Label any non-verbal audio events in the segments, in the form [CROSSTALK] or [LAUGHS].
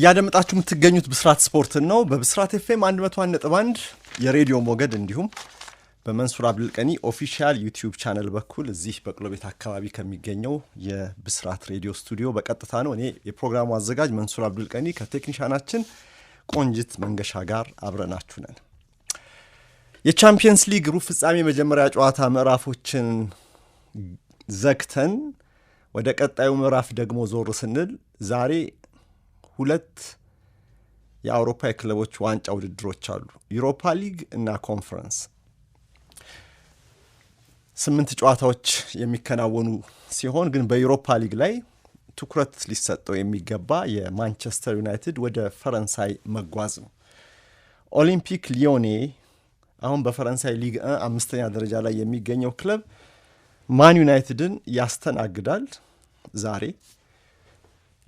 እያደመጣችሁ የምትገኙት ብስራት ስፖርትን ነው። በብስራት ኤፍኤም 101.1 የሬዲዮ ሞገድ እንዲሁም በመንሱር አብዱልቀኒ ኦፊሻል ዩቲዩብ ቻነል በኩል እዚህ በቅሎ ቤት አካባቢ ከሚገኘው የብስራት ሬዲዮ ስቱዲዮ በቀጥታ ነው። እኔ የፕሮግራሙ አዘጋጅ መንሱር አብዱልቀኒ ከቴክኒሻናችን ቆንጅት መንገሻ ጋር አብረናችሁ ነን። የቻምፒየንስ ሊግ ሩብ ፍጻሜ መጀመሪያ ጨዋታ ምዕራፎችን ዘግተን ወደ ቀጣዩ ምዕራፍ ደግሞ ዞር ስንል ዛሬ ሁለት የአውሮፓ የክለቦች ዋንጫ ውድድሮች አሉ፣ ዩሮፓ ሊግ እና ኮንፈረንስ። ስምንት ጨዋታዎች የሚከናወኑ ሲሆን ግን በዩሮፓ ሊግ ላይ ትኩረት ሊሰጠው የሚገባ የማንቸስተር ዩናይትድ ወደ ፈረንሳይ መጓዝ ነው። ኦሊምፒክ ሊዮኔ አሁን በፈረንሳይ ሊግ አምስተኛ ደረጃ ላይ የሚገኘው ክለብ ማን ዩናይትድን ያስተናግዳል ዛሬ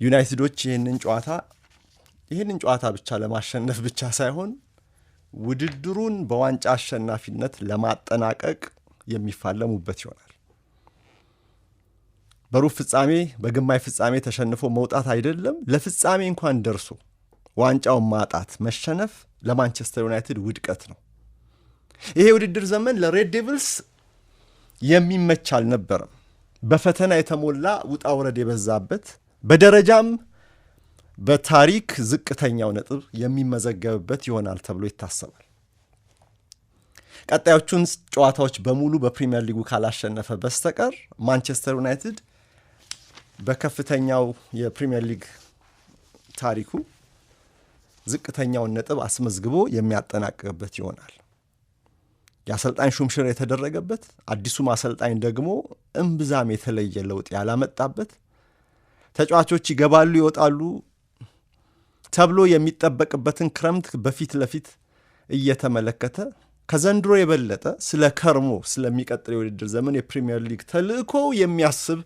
ዩናይትዶች ይህንን ጨዋታ ይህንን ጨዋታ ብቻ ለማሸነፍ ብቻ ሳይሆን ውድድሩን በዋንጫ አሸናፊነት ለማጠናቀቅ የሚፋለሙበት ይሆናል። በሩብ ፍጻሜ፣ በግማይ ፍጻሜ ተሸንፎ መውጣት አይደለም፣ ለፍጻሜ እንኳን ደርሶ ዋንጫውን ማጣት መሸነፍ ለማንቸስተር ዩናይትድ ውድቀት ነው። ይሄ የውድድር ዘመን ለሬድ ዴቪልስ የሚመች አልነበረም። በፈተና የተሞላ ውጣ ውረድ የበዛበት በደረጃም በታሪክ ዝቅተኛው ነጥብ የሚመዘገብበት ይሆናል ተብሎ ይታሰባል። ቀጣዮቹን ጨዋታዎች በሙሉ በፕሪምየር ሊጉ ካላሸነፈ በስተቀር ማንቸስተር ዩናይትድ በከፍተኛው የፕሪምየር ሊግ ታሪኩ ዝቅተኛውን ነጥብ አስመዝግቦ የሚያጠናቅቅበት ይሆናል። የአሰልጣኝ ሹምሽር የተደረገበት አዲሱም አሰልጣኝ ደግሞ እምብዛም የተለየ ለውጥ ያላመጣበት ተጫዋቾች ይገባሉ፣ ይወጣሉ ተብሎ የሚጠበቅበትን ክረምት በፊት ለፊት እየተመለከተ ከዘንድሮ የበለጠ ስለ ከርሞ ስለሚቀጥል የውድድር ዘመን የፕሪምየር ሊግ ተልእኮ የሚያስብ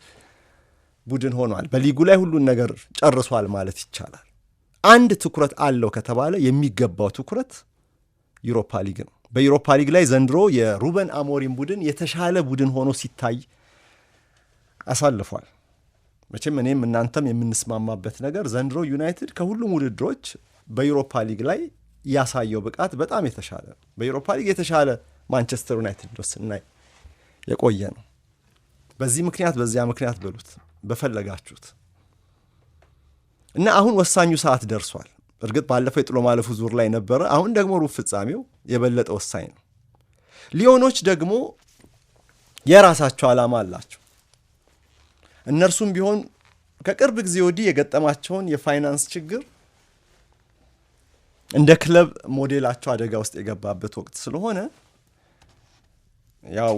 ቡድን ሆኗል። በሊጉ ላይ ሁሉን ነገር ጨርሷል ማለት ይቻላል። አንድ ትኩረት አለው ከተባለ የሚገባው ትኩረት ዩሮፓ ሊግ ነው። በዩሮፓ ሊግ ላይ ዘንድሮ የሩበን አሞሪም ቡድን የተሻለ ቡድን ሆኖ ሲታይ አሳልፏል። መቼም እኔም እናንተም የምንስማማበት ነገር ዘንድሮ ዩናይትድ ከሁሉም ውድድሮች በዩሮፓ ሊግ ላይ ያሳየው ብቃት በጣም የተሻለ ነው። በዩሮፓ ሊግ የተሻለ ማንቸስተር ዩናይትድ ነው ስናይ የቆየ ነው። በዚህ ምክንያት በዚያ ምክንያት በሉት በፈለጋችሁት እና አሁን ወሳኙ ሰዓት ደርሷል። እርግጥ ባለፈው የጥሎ ማለፉ ዙር ላይ ነበረ። አሁን ደግሞ ሩብ ፍጻሜው የበለጠ ወሳኝ ነው። ሊዮኖች ደግሞ የራሳቸው ዓላማ አላቸው። እነርሱም ቢሆን ከቅርብ ጊዜ ወዲህ የገጠማቸውን የፋይናንስ ችግር እንደ ክለብ ሞዴላቸው አደጋ ውስጥ የገባበት ወቅት ስለሆነ ያው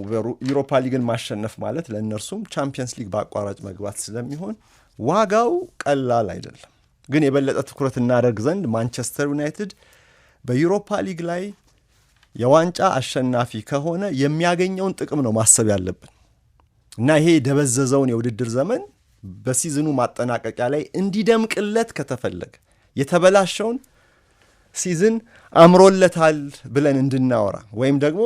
ዩሮፓ ሊግን ማሸነፍ ማለት ለእነርሱም ቻምፒየንስ ሊግ በአቋራጭ መግባት ስለሚሆን ዋጋው ቀላል አይደለም። ግን የበለጠ ትኩረት እናደርግ ዘንድ ማንቸስተር ዩናይትድ በዩሮፓ ሊግ ላይ የዋንጫ አሸናፊ ከሆነ የሚያገኘውን ጥቅም ነው ማሰብ ያለብን። እና ይሄ የደበዘዘውን የውድድር ዘመን በሲዝኑ ማጠናቀቂያ ላይ እንዲደምቅለት ከተፈለገ የተበላሸውን ሲዝን አምሮለታል ብለን እንድናወራ ወይም ደግሞ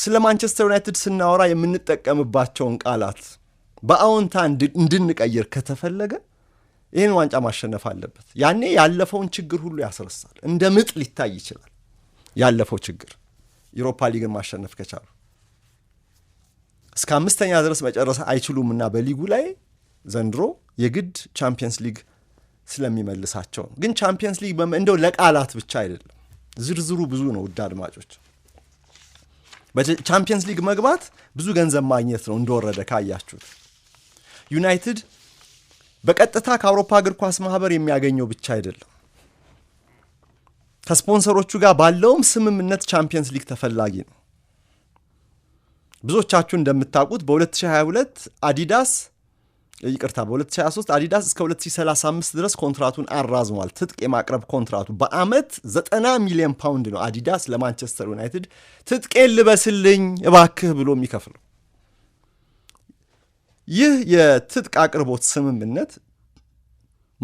ስለ ማንቸስተር ዩናይትድ ስናወራ የምንጠቀምባቸውን ቃላት በአዎንታ እንድንቀይር ከተፈለገ ይህን ዋንጫ ማሸነፍ አለበት። ያኔ ያለፈውን ችግር ሁሉ ያስረሳል። እንደ ምጥ ሊታይ ይችላል ያለፈው ችግር። ዩሮፓ ሊግን ማሸነፍ ከቻሉ እስከ አምስተኛ ድረስ መጨረስ አይችሉም እና በሊጉ ላይ ዘንድሮ የግድ ቻምፒየንስ ሊግ ስለሚመልሳቸው ግን ቻምፒየንስ ሊግ እንደው ለቃላት ብቻ አይደለም፣ ዝርዝሩ ብዙ ነው። ውድ አድማጮች፣ በቻምፒየንስ ሊግ መግባት ብዙ ገንዘብ ማግኘት ነው። እንደወረደ ካያችሁት ዩናይትድ በቀጥታ ከአውሮፓ እግር ኳስ ማህበር የሚያገኘው ብቻ አይደለም። ከስፖንሰሮቹ ጋር ባለውም ስምምነት ቻምፒየንስ ሊግ ተፈላጊ ነው። ብዙዎቻችሁ እንደምታውቁት በ2022 አዲዳስ ይቅርታ በ2023 አዲዳስ እስከ 2035 ድረስ ኮንትራቱን አራዝሟል። ትጥቅ የማቅረብ ኮንትራቱ በአመት 90 ሚሊዮን ፓውንድ ነው አዲዳስ ለማንቸስተር ዩናይትድ ትጥቄን ልበስልኝ እባክህ ብሎ የሚከፍለው። ይህ የትጥቅ አቅርቦት ስምምነት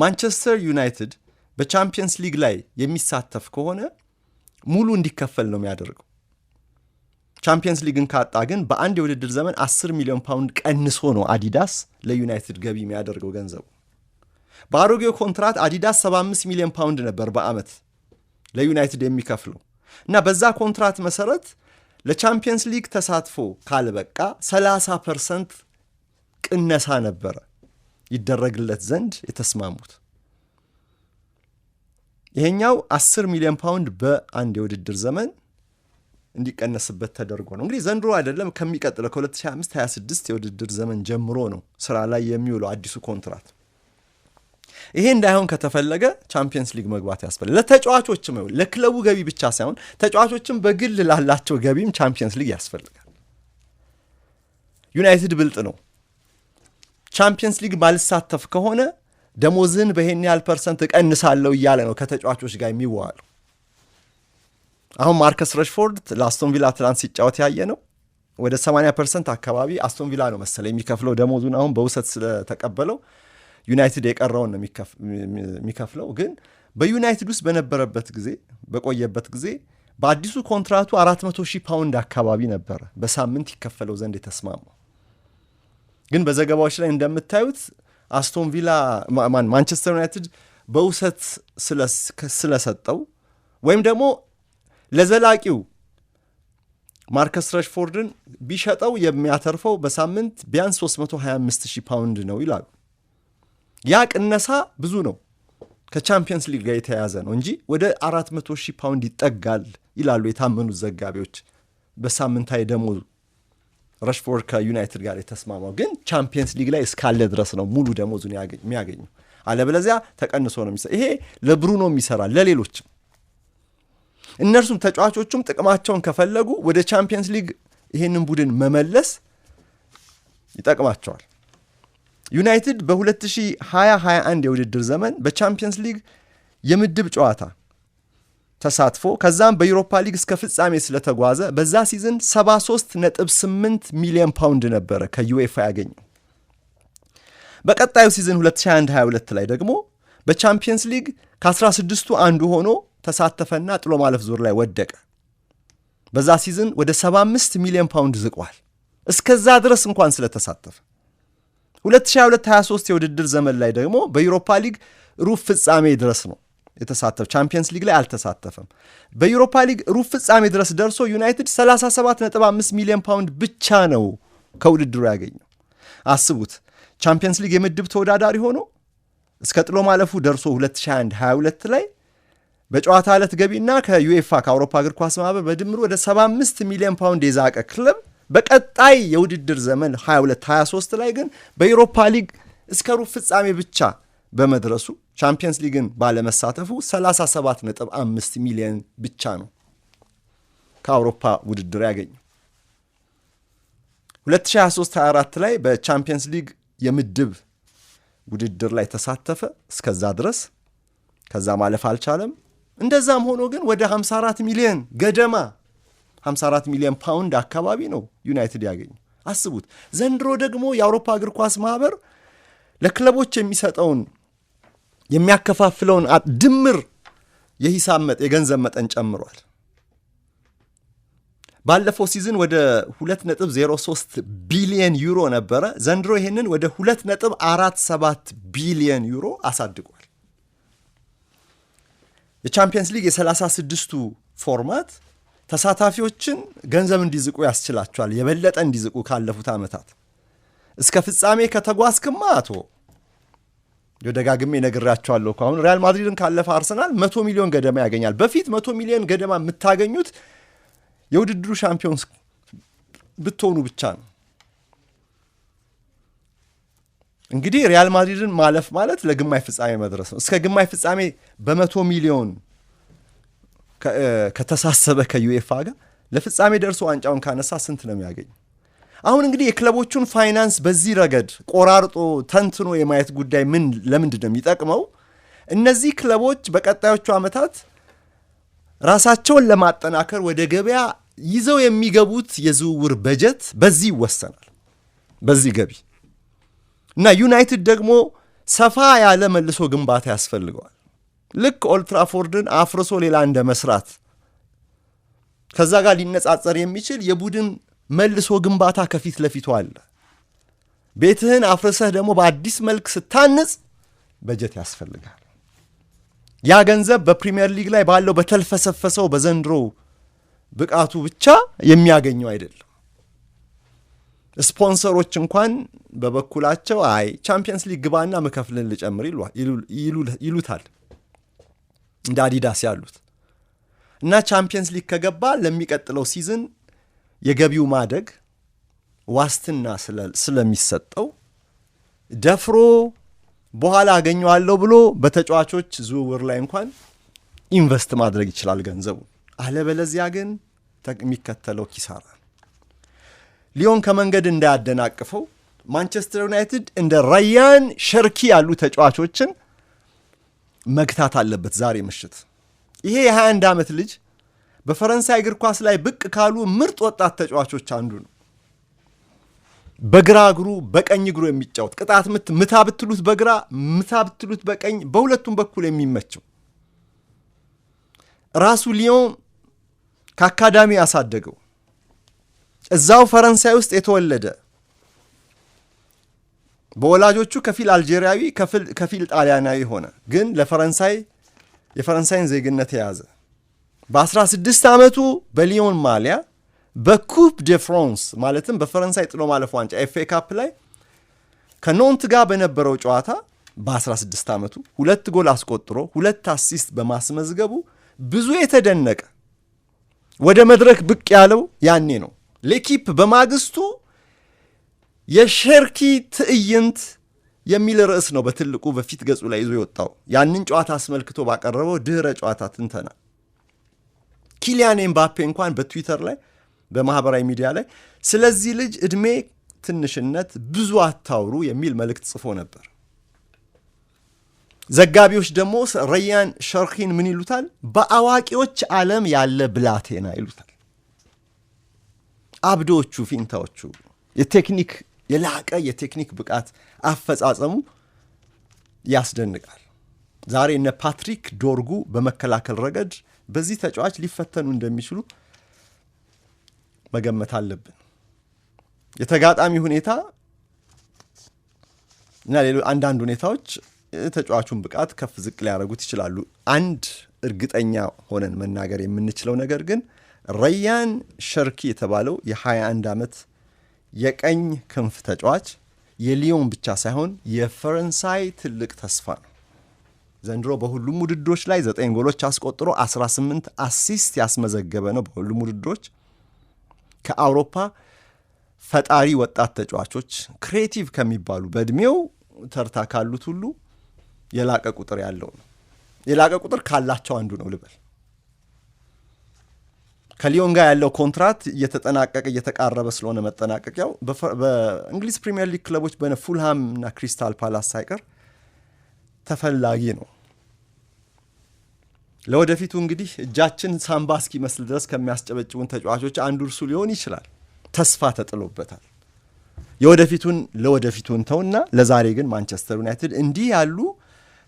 ማንቸስተር ዩናይትድ በቻምፒየንስ ሊግ ላይ የሚሳተፍ ከሆነ ሙሉ እንዲከፈል ነው የሚያደርገው። ቻምፒየንስ ሊግን ካጣ ግን በአንድ የውድድር ዘመን 10 ሚሊዮን ፓውንድ ቀንሶ ነው አዲዳስ ለዩናይትድ ገቢ የሚያደርገው ገንዘቡ። በአሮጌው ኮንትራት አዲዳስ 75 ሚሊዮን ፓውንድ ነበር በአመት ለዩናይትድ የሚከፍለው እና በዛ ኮንትራት መሰረት ለቻምፒየንስ ሊግ ተሳትፎ ካልበቃ 30 ፐርሰንት ቅነሳ ነበረ ይደረግለት ዘንድ የተስማሙት። ይሄኛው 10 ሚሊዮን ፓውንድ በአንድ የውድድር ዘመን እንዲቀነስበት ተደርጎ ነው። እንግዲህ ዘንድሮ አይደለም ከሚቀጥለው ከ2025/26 የውድድር ዘመን ጀምሮ ነው ስራ ላይ የሚውለው አዲሱ ኮንትራት። ይሄ እንዳይሆን ከተፈለገ ቻምፒየንስ ሊግ መግባት ያስፈልጋል። ለተጫዋቾችም ይሁን ለክለቡ ገቢ ብቻ ሳይሆን ተጫዋቾችም በግል ላላቸው ገቢም ቻምፒየንስ ሊግ ያስፈልጋል። ዩናይትድ ብልጥ ነው። ቻምፒየንስ ሊግ ባልሳተፍ ከሆነ ደሞዝህን በይሄን ያህል ፐርሰንት እቀንሳለሁ እያለ ነው ከተጫዋቾች ጋር የሚዋዋለው። አሁን ማርከስ ረሽፎርድ ለአስቶን ቪላ ትላንት ሲጫወት ያየ ነው ወደ 80 ፐርሰንት አካባቢ አስቶን ቪላ ነው መሰለ የሚከፍለው ደሞዙን አሁን በውሰት ስለተቀበለው ዩናይትድ የቀረውን ነው የሚከፍለው። ግን በዩናይትድ ውስጥ በነበረበት ጊዜ በቆየበት ጊዜ በአዲሱ ኮንትራቱ 400 ሺህ ፓውንድ አካባቢ ነበረ በሳምንት ይከፈለው ዘንድ የተስማማው። ግን በዘገባዎች ላይ እንደምታዩት አስቶን ቪላ ማንቸስተር ዩናይትድ በውሰት ስለሰጠው ወይም ደግሞ ለዘላቂው ማርከስ ረሽፎርድን ቢሸጠው የሚያተርፈው በሳምንት ቢያንስ 325 ፓውንድ ነው ይላሉ። ያ ቅነሳ ብዙ ነው፣ ከቻምፒየንስ ሊግ ጋር የተያያዘ ነው እንጂ ወደ 400000 ፓውንድ ይጠጋል ይላሉ የታመኑት ዘጋቢዎች። በሳምንታዊ ደሞዙ ረሽፎርድ ከዩናይትድ ጋር የተስማማው ግን ቻምፒየንስ ሊግ ላይ እስካለ ድረስ ነው ሙሉ ደሞዙን የሚያገኘው። አለበለዚያ ተቀንሶ ነው የሚሰራ። ይሄ ለብሩኖ የሚሰራ ለሌሎችም እነርሱም ተጫዋቾቹም ጥቅማቸውን ከፈለጉ ወደ ቻምፒየንስ ሊግ ይህንን ቡድን መመለስ ይጠቅማቸዋል። ዩናይትድ በ 2021 የውድድር ዘመን በቻምፒየንስ ሊግ የምድብ ጨዋታ ተሳትፎ ከዛም በዩሮፓ ሊግ እስከ ፍጻሜ ስለተጓዘ በዛ ሲዝን 73.8 ሚሊዮን ፓውንድ ነበረ ከዩኤፋ ያገኘው። በቀጣዩ ሲዝን 2122 22 ላይ ደግሞ በቻምፒየንስ ሊግ ከ16ቱ አንዱ ሆኖ ተሳተፈና ጥሎ ማለፍ ዙር ላይ ወደቀ። በዛ ሲዝን ወደ 75 ሚሊዮን ፓውንድ ዝቋል። እስከዛ ድረስ እንኳን ስለተሳተፈ 2022/23 የውድድር ዘመን ላይ ደግሞ በዩሮፓ ሊግ ሩብ ፍጻሜ ድረስ ነው የተሳተፈ። ቻምፒየንስ ሊግ ላይ አልተሳተፈም። በዩሮፓ ሊግ ሩብ ፍጻሜ ድረስ ደርሶ ዩናይትድ 37.5 ሚሊዮን ፓውንድ ብቻ ነው ከውድድሩ ያገኘው። አስቡት፣ ቻምፒየንስ ሊግ የምድብ ተወዳዳሪ ሆኖ እስከ ጥሎ ማለፉ ደርሶ 2021/22 ላይ በጨዋታ ዕለት ገቢና ከዩኤፋ ከአውሮፓ እግር ኳስ ማህበር በድምሩ ወደ 75 ሚሊዮን ፓውንድ የዛቀ ክለብ በቀጣይ የውድድር ዘመን 22 23 ላይ ግን በኢሮፓ ሊግ እስከ ሩብ ፍጻሜ ብቻ በመድረሱ ቻምፒየንስ ሊግን ባለመሳተፉ 37.5 ሚሊዮን ብቻ ነው ከአውሮፓ ውድድር ያገኘው። 2023/24 ላይ በቻምፒየንስ ሊግ የምድብ ውድድር ላይ ተሳተፈ። እስከዛ ድረስ ከዛ ማለፍ አልቻለም። እንደዛም ሆኖ ግን ወደ 54 ሚሊዮን ገደማ 54 ሚሊዮን ፓውንድ አካባቢ ነው ዩናይትድ ያገኙ። አስቡት። ዘንድሮ ደግሞ የአውሮፓ እግር ኳስ ማህበር ለክለቦች የሚሰጠውን የሚያከፋፍለውን ድምር የሂሳብ መጠ የገንዘብ መጠን ጨምሯል። ባለፈው ሲዝን ወደ 2.03 ቢሊየን ዩሮ ነበረ። ዘንድሮ ይህንን ወደ 2.47 ቢሊየን ዩሮ አሳድጓል። የቻምፒየንስ ሊግ የሰላሳ ስድስቱ ፎርማት ተሳታፊዎችን ገንዘብ እንዲዝቁ ያስችላቸዋል። የበለጠ እንዲዝቁ ካለፉት ዓመታት እስከ ፍጻሜ ከተጓዝክማ አቶ የደጋግሜ ነግራቸዋለሁ። አሁን ሪያል ማድሪድን ካለፈ አርሰናል መቶ ሚሊዮን ገደማ ያገኛል። በፊት መቶ ሚሊዮን ገደማ የምታገኙት የውድድሩ ሻምፒዮንስ ብትሆኑ ብቻ ነው። እንግዲህ ሪያል ማድሪድን ማለፍ ማለት ለግማሽ ፍጻሜ መድረስ ነው። እስከ ግማሽ ፍጻሜ በመቶ ሚሊዮን ከተሳሰበ ከዩኤፋ ጋር ለፍጻሜ ደርሶ ዋንጫውን ካነሳ ስንት ነው የሚያገኝ? አሁን እንግዲህ የክለቦቹን ፋይናንስ በዚህ ረገድ ቆራርጦ ተንትኖ የማየት ጉዳይ ምን ለምንድን ነው የሚጠቅመው? እነዚህ ክለቦች በቀጣዮቹ ዓመታት ራሳቸውን ለማጠናከር ወደ ገበያ ይዘው የሚገቡት የዝውውር በጀት በዚህ ይወሰናል፣ በዚህ ገቢ እና ዩናይትድ ደግሞ ሰፋ ያለ መልሶ ግንባታ ያስፈልገዋል። ልክ ኦልትራፎርድን አፍርሶ ሌላ እንደ መስራት ከዛ ጋር ሊነጻጸር የሚችል የቡድን መልሶ ግንባታ ከፊት ለፊቱ አለ። ቤትህን አፍርሰህ ደግሞ በአዲስ መልክ ስታንጽ በጀት ያስፈልጋል። ያ ገንዘብ በፕሪምየር ሊግ ላይ ባለው በተልፈሰፈሰው በዘንድሮ ብቃቱ ብቻ የሚያገኘው አይደለም። ስፖንሰሮች እንኳን በበኩላቸው አይ ቻምፒየንስ ሊግ ግባና መከፍልን ልጨምር ይሉታል። እንደ አዲዳስ ያሉት እና ቻምፒየንስ ሊግ ከገባ ለሚቀጥለው ሲዝን የገቢው ማደግ ዋስትና ስለሚሰጠው ደፍሮ በኋላ አገኘዋለሁ ብሎ በተጫዋቾች ዝውውር ላይ እንኳን ኢንቨስት ማድረግ ይችላል ገንዘቡ። አለበለዚያ ግን የሚከተለው ኪሳራ ሊዮን ከመንገድ እንዳያደናቅፈው ማንቸስተር ዩናይትድ እንደ ራያን ሸርኪ ያሉ ተጫዋቾችን መግታት አለበት። ዛሬ ምሽት ይሄ የ21 ዓመት ልጅ በፈረንሳይ እግር ኳስ ላይ ብቅ ካሉ ምርጥ ወጣት ተጫዋቾች አንዱ ነው። በግራ እግሩ በቀኝ እግሩ የሚጫወት ቅጣት ምት ምታ ብትሉት በግራ ምታ ብትሉት በቀኝ በሁለቱም በኩል የሚመቸው ራሱ ሊዮን ከአካዳሚ ያሳደገው እዛው ፈረንሳይ ውስጥ የተወለደ በወላጆቹ ከፊል አልጄሪያዊ ከፊል ጣሊያናዊ ሆነ፣ ግን ለፈረንሳይ የፈረንሳይን ዜግነት የያዘ በ16 ዓመቱ በሊዮን ማሊያ በኩፕ ደ ፍራንስ ማለትም በፈረንሳይ ጥሎ ማለፍ ዋንጫ ኤፍ ኤ ካፕ ላይ ከኖንት ጋር በነበረው ጨዋታ በ16 ዓመቱ ሁለት ጎል አስቆጥሮ ሁለት አሲስት በማስመዝገቡ ብዙ የተደነቀ ወደ መድረክ ብቅ ያለው ያኔ ነው። ሌኪፕ በማግስቱ የሸርኪ ትዕይንት የሚል ርዕስ ነው በትልቁ በፊት ገጹ ላይ ይዞ የወጣው። ያንን ጨዋታ አስመልክቶ ባቀረበው ድህረ ጨዋታ ትንተና ኪሊያን ኤምባፔ እንኳን በትዊተር ላይ በማህበራዊ ሚዲያ ላይ ስለዚህ ልጅ እድሜ ትንሽነት ብዙ አታውሩ የሚል መልእክት ጽፎ ነበር። ዘጋቢዎች ደግሞ ረያን ሸርኪን ምን ይሉታል? በአዋቂዎች ዓለም ያለ ብላቴና ይሉታል። አብዶቹ ፊንታዎቹ የቴክኒክ የላቀ የቴክኒክ ብቃት አፈጻጸሙ ያስደንቃል። ዛሬ እነ ፓትሪክ ዶርጉ በመከላከል ረገድ በዚህ ተጫዋች ሊፈተኑ እንደሚችሉ መገመት አለብን። የተጋጣሚ ሁኔታ እና ሌሎች አንዳንድ ሁኔታዎች የተጫዋቹን ብቃት ከፍ ዝቅ ሊያደርጉት ይችላሉ። አንድ እርግጠኛ ሆነን መናገር የምንችለው ነገር ግን ረያን ሸርኪ የተባለው የ21 ዓመት የቀኝ ክንፍ ተጫዋች የሊዮን ብቻ ሳይሆን የፈረንሳይ ትልቅ ተስፋ ነው። ዘንድሮ በሁሉም ውድድሮች ላይ 9 ጎሎች አስቆጥሮ 18 አሲስት ያስመዘገበ ነው። በሁሉም ውድድሮች ከአውሮፓ ፈጣሪ ወጣት ተጫዋቾች ክሬቲቭ ከሚባሉ በእድሜው ተርታ ካሉት ሁሉ የላቀ ቁጥር ያለው ነው። የላቀ ቁጥር ካላቸው አንዱ ነው ልበል። ከሊዮን ጋር ያለው ኮንትራት እየተጠናቀቀ እየተቃረበ ስለሆነ መጠናቀቂያው በእንግሊዝ ፕሪምየር ሊግ ክለቦች በነ ፉልሃም እና ክሪስታል ፓላስ ሳይቀር ተፈላጊ ነው። ለወደፊቱ እንግዲህ እጃችን ሳምባ እስኪመስል ድረስ ከሚያስጨበጭቡን ተጫዋቾች አንዱ እርሱ ሊሆን ይችላል። ተስፋ ተጥሎበታል። የወደፊቱን ለወደፊቱ እንተውና ለዛሬ ግን ማንቸስተር ዩናይትድ እንዲህ ያሉ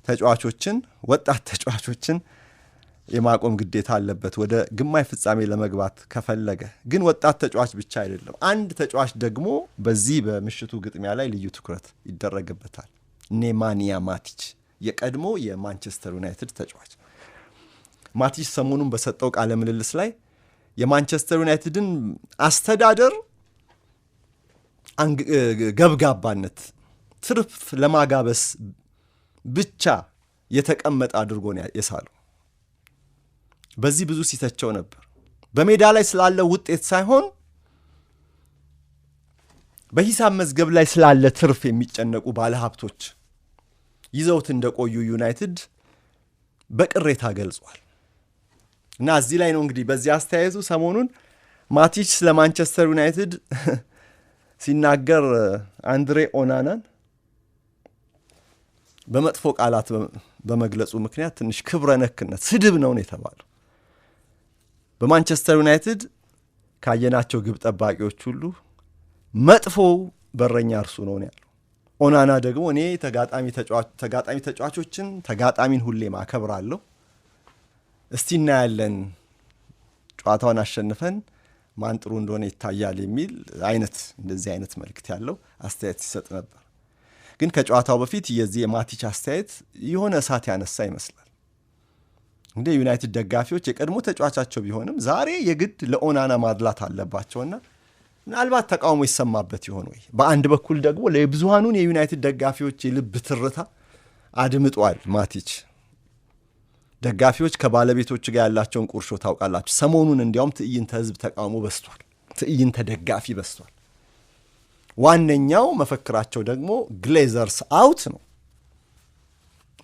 ተጫዋቾችን ወጣት ተጫዋቾችን የማቆም ግዴታ አለበት። ወደ ግማሽ ፍጻሜ ለመግባት ከፈለገ ግን ወጣት ተጫዋች ብቻ አይደለም። አንድ ተጫዋች ደግሞ በዚህ በምሽቱ ግጥሚያ ላይ ልዩ ትኩረት ይደረግበታል። ኔማንያ ማቲች የቀድሞ የማንቸስተር ዩናይትድ ተጫዋች ማቲች ሰሞኑን በሰጠው ቃለ ምልልስ ላይ የማንቸስተር ዩናይትድን አስተዳደር ገብጋባነት ትርፍ ለማጋበስ ብቻ የተቀመጠ አድርጎ ነው በዚህ ብዙ ሲተቸው ነበር። በሜዳ ላይ ስላለ ውጤት ሳይሆን በሂሳብ መዝገብ ላይ ስላለ ትርፍ የሚጨነቁ ባለሀብቶች ይዘውት እንደቆዩ ዩናይትድ በቅሬታ ገልጿል። እና እዚህ ላይ ነው እንግዲህ በዚህ አስተያየቱ ሰሞኑን ማቲች ስለ ማንቸስተር ዩናይትድ [LAUGHS] ሲናገር አንድሬ ኦናናን በመጥፎ ቃላት በመግለጹ ምክንያት ትንሽ ክብረ ነክነት ስድብ ነውን የተባለው። በማንቸስተር ዩናይትድ ካየናቸው ግብ ጠባቂዎች ሁሉ መጥፎ በረኛ እርሱ ነው ያለው። ኦናና ደግሞ እኔ ተጋጣሚ ተጫዋቾችን ተጋጣሚን ሁሌ ማከብራለሁ። እስቲ እናያለን ጨዋታውን አሸንፈን ማን ጥሩ እንደሆነ ይታያል የሚል አይነት እንደዚህ አይነት መልእክት ያለው አስተያየት ሲሰጥ ነበር። ግን ከጨዋታው በፊት የዚህ የማቲች አስተያየት የሆነ እሳት ያነሳ ይመስላል። እንደ ዩናይትድ ደጋፊዎች የቀድሞ ተጫዋቻቸው ቢሆንም ዛሬ የግድ ለኦናና ማድላት አለባቸውና ምናልባት ተቃውሞ ይሰማበት ይሆን ወይ? በአንድ በኩል ደግሞ ለብዙሃኑን የዩናይትድ ደጋፊዎች የልብ ትርታ አድምጧል ማቲች። ደጋፊዎች ከባለቤቶች ጋር ያላቸውን ቁርሾ ታውቃላችሁ። ሰሞኑን እንዲያውም ትዕይንተ ህዝብ ተቃውሞ በስቷል፣ ትዕይንተ ደጋፊ በስቷል። ዋነኛው መፈክራቸው ደግሞ ግሌዘርስ አውት ነው።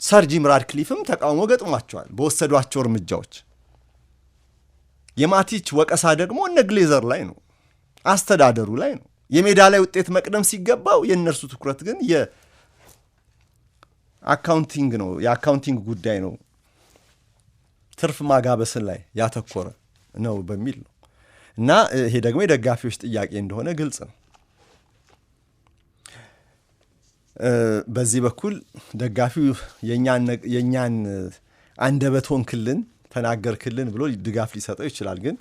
ሰር ጂም ራድክሊፍም ተቃውሞ ገጥሟቸዋል በወሰዷቸው እርምጃዎች። የማቲች ወቀሳ ደግሞ እነ ግሌዘር ላይ ነው፣ አስተዳደሩ ላይ ነው። የሜዳ ላይ ውጤት መቅደም ሲገባው የእነርሱ ትኩረት ግን የአካውንቲንግ ነው፣ የአካውንቲንግ ጉዳይ ነው፣ ትርፍ ማጋበስን ላይ ያተኮረ ነው በሚል ነው እና ይሄ ደግሞ የደጋፊዎች ጥያቄ እንደሆነ ግልጽ ነው። በዚህ በኩል ደጋፊው የእኛን ክልን ተናገር ተናገርክልን ብሎ ድጋፍ ሊሰጠው ይችላል። ግን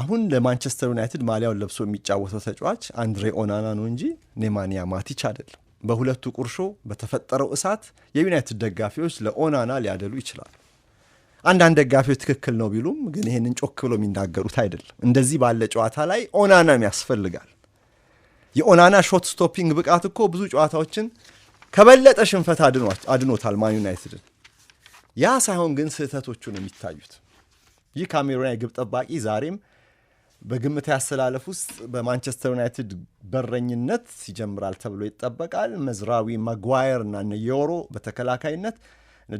አሁን ለማንቸስተር ዩናይትድ ማሊያውን ለብሶ የሚጫወተው ተጫዋች አንድሬ ኦናና ነው እንጂ ኔማንያ ማቲች አይደለም። በሁለቱ ቁርሾ በተፈጠረው እሳት የዩናይትድ ደጋፊዎች ለኦናና ሊያደሉ ይችላል። አንዳንድ ደጋፊዎች ትክክል ነው ቢሉም ግን ይህንን ጮክ ብሎ የሚናገሩት አይደለም። እንደዚህ ባለ ጨዋታ ላይ ኦናናም ያስፈልጋል። የኦናና ሾት ስቶፒንግ ብቃት እኮ ብዙ ጨዋታዎችን ከበለጠ ሽንፈት አድኖታል ማን ዩናይትድን። ያ ሳይሆን ግን ስህተቶቹ ነው የሚታዩት። ይህ ካሜሮን የግብ ጠባቂ ዛሬም በግምት ያሰላለፍ ውስጥ በማንቸስተር ዩናይትድ በረኝነት ይጀምራል ተብሎ ይጠበቃል። መዝራዊ፣ ማጓየር እና ነየሮ በተከላካይነት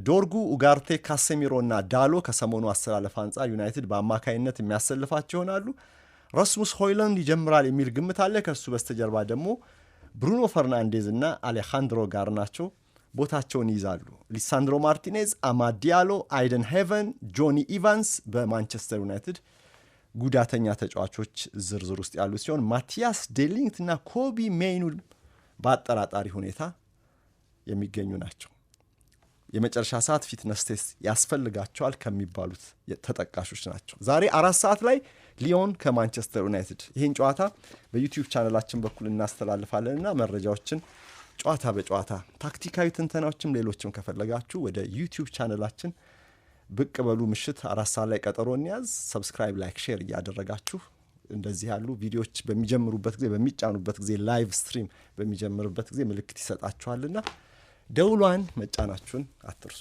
ዶርጉ፣ ኡጋርቴ፣ ካሴሚሮ እና ዳሎ ከሰሞኑ አሰላለፍ አንጻር ዩናይትድ በአማካይነት የሚያሰልፋቸው ይሆናሉ። ራስሙስ ሆይላንድ ይጀምራል የሚል ግምት አለ። ከሱ በስተጀርባ ደግሞ ብሩኖ ፈርናንዴዝ እና አሌካንድሮ ጋር ናቸው ቦታቸውን ይይዛሉ። ሊሳንድሮ ማርቲኔዝ፣ አማዲያሎ፣ አይደን ሄቨን፣ ጆኒ ኢቫንስ በማንቸስተር ዩናይትድ ጉዳተኛ ተጫዋቾች ዝርዝር ውስጥ ያሉ ሲሆን ማቲያስ ዴሊንግት እና ኮቢ ሜይኑ በአጠራጣሪ ሁኔታ የሚገኙ ናቸው። የመጨረሻ ሰዓት ፊትነስ ቴስት ያስፈልጋቸዋል ከሚባሉት ተጠቃሾች ናቸው። ዛሬ አራት ሰዓት ላይ ሊዮን ከማንቸስተር ዩናይትድ ይህን ጨዋታ በዩቲዩብ ቻነላችን በኩል እናስተላልፋለን እና መረጃዎችን ጨዋታ በጨዋታ ታክቲካዊ ትንተናዎችም ሌሎችም ከፈለጋችሁ ወደ ዩቲዩብ ቻነላችን ብቅ በሉ። ምሽት አራት ሰዓት ላይ ቀጠሮ እንያዝ። ሰብስክራይብ፣ ላይክ፣ ሼር እያደረጋችሁ እንደዚህ ያሉ ቪዲዮዎች በሚጀምሩበት ጊዜ በሚጫኑበት ጊዜ ላይቭ ስትሪም በሚጀምርበት ጊዜ ምልክት ይሰጣችኋልና ደውሏን መጫናችሁን አትርሱ።